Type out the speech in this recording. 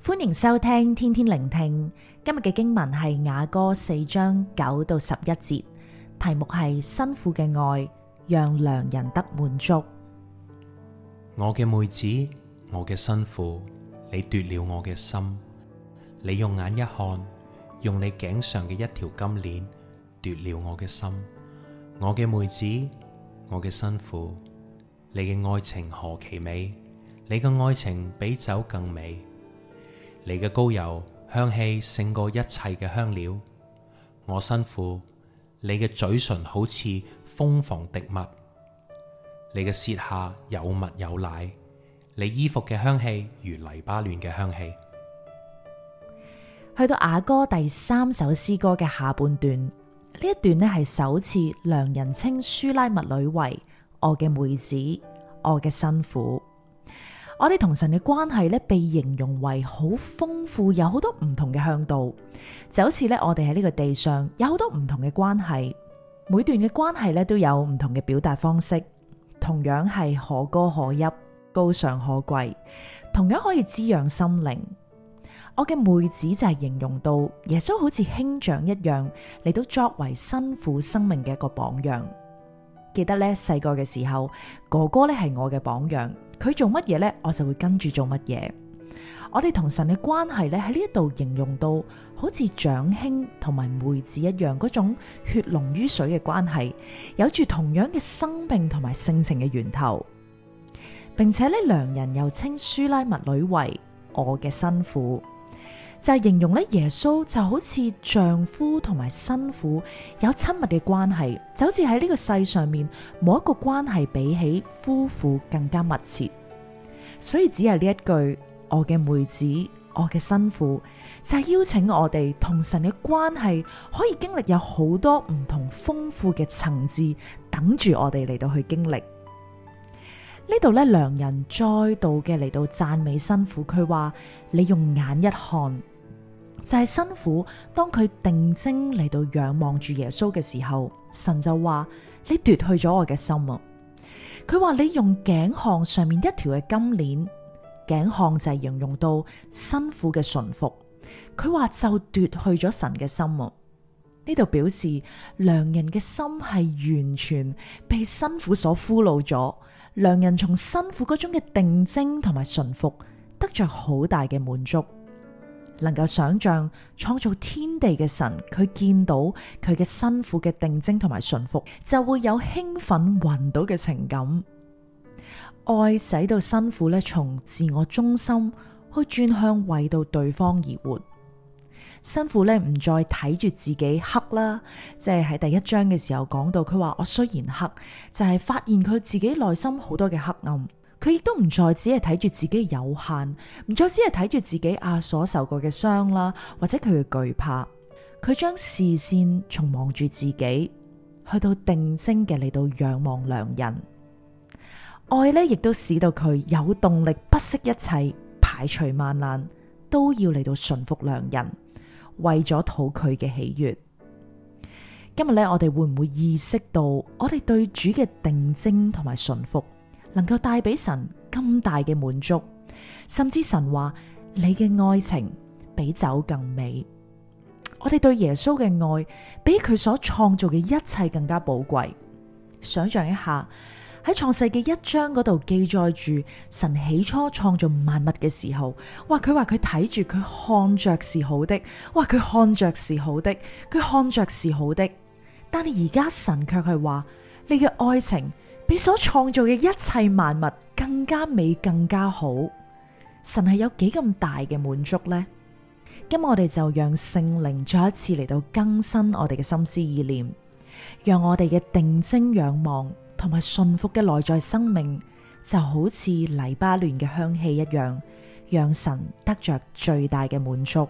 歡迎收聽天天靈聽。今日嘅經文係雅歌四章九到十一節，題目係新婦嘅愛，讓良人得滿足。我嘅妹子，我嘅新婦，你奪了我嘅心。你用眼一看，用你頸上嘅一條金鏈奪了我嘅心。我嘅妹子，我嘅新婦，你嘅愛情何其美，你嘅愛情比酒更美。你嘅膏油香氣勝過一切嘅香料，我新婦，你嘅嘴唇好似蜂房滴蜜，你嘅舌下有蜜有奶，你衣服嘅香氣如黎巴嫩嘅香氣。去到雅歌第三首詩歌嘅下半段，呢一段咧係首次良人稱書拉密女為我嘅妹子，我嘅新婦。我哋同神嘅關係咧，被形容為好豐富，有好多唔同嘅向導，就好似咧我哋喺呢個地上有好多唔同嘅關係，每段嘅關係咧都有唔同嘅表達方式，同樣係可歌可泣，高尚可貴，同樣可以滋養心靈。我嘅妹子就係形容到耶穌好似兄長一樣嚟到作為新婦生命嘅一個榜樣。記得咧，細個嘅時候，哥哥咧係我嘅榜樣，佢做乜嘢咧，我就會跟住做乜嘢。我哋同神嘅關係咧，喺呢一度形容到好似長兄同埋妹子一樣，嗰種血濃於水嘅關係，有住同樣嘅生命同埋性情嘅源頭，並且咧，良人又稱書拉密女為我嘅新婦。就係形容咧，耶穌就好似丈夫同埋新婦有親密嘅關係，就好似喺呢個世上面冇一個關係比起夫婦更加密切。所以只係呢一句，我嘅妹子，我嘅新婦」，就係、是、邀請我哋同神嘅關係可以經歷有好多唔同豐富嘅層次，等住我哋嚟到去經歷呢度咧。良人再度嘅嚟到讚美新婦。佢話你用眼一看。就係新婦，當佢定睛嚟到仰望住耶穌嘅時候，神就話：你奪去咗我嘅心啊！佢話你用頸項上面一條嘅金鏈，頸項就係形容到新婦嘅順服。佢話就奪去咗神嘅心啊！呢度表示良人嘅心係完全被新婦所俘虜咗，良人從新婦嗰種嘅定睛同埋順服得着好大嘅滿足。能夠想象，創造天地嘅神，佢見到佢嘅新婦嘅定睛同埋順服，就會有興奮暈倒嘅情感。愛使到新婦呢，咧從自我中心去轉向為到對方而活。新婦咧唔再睇住自己黑啦，即係喺第一章嘅時候講到，佢話我雖然黑，就係、是、發現佢自己內心好多嘅黑暗。佢亦都唔再只係睇住自己有限，唔再只係睇住自己阿所受過嘅傷啦，或者佢嘅懼怕。佢將視線從望住自己，去到定睛嘅嚟到仰望良人。愛呢，亦都使到佢有動力，不惜一切，排除萬難，都要嚟到順服良人，為咗討佢嘅喜悅。今日呢，我哋會唔會意識到我哋對主嘅定睛同埋順服能夠帶俾神咁大嘅滿足，甚至神話你嘅愛情比酒更美。我哋對耶穌嘅愛比佢所創造嘅一切更加寶貴。想象一下喺創世嘅一章嗰度記載住神起初創造萬物嘅時候，哇！佢話佢睇住佢看着是好的，哇！佢看着是好的，佢看着是好的。但係而家神卻係話你嘅愛情。比所創造嘅一切萬物更加美，更加好，神係有幾咁大嘅滿足呢？今日我哋就讓聖靈再一次嚟到更新我哋嘅心思意念，讓我哋嘅定睛仰望同埋順服嘅內在生命，就好似黎巴嫩嘅香氣一樣，讓神得着最大嘅滿足。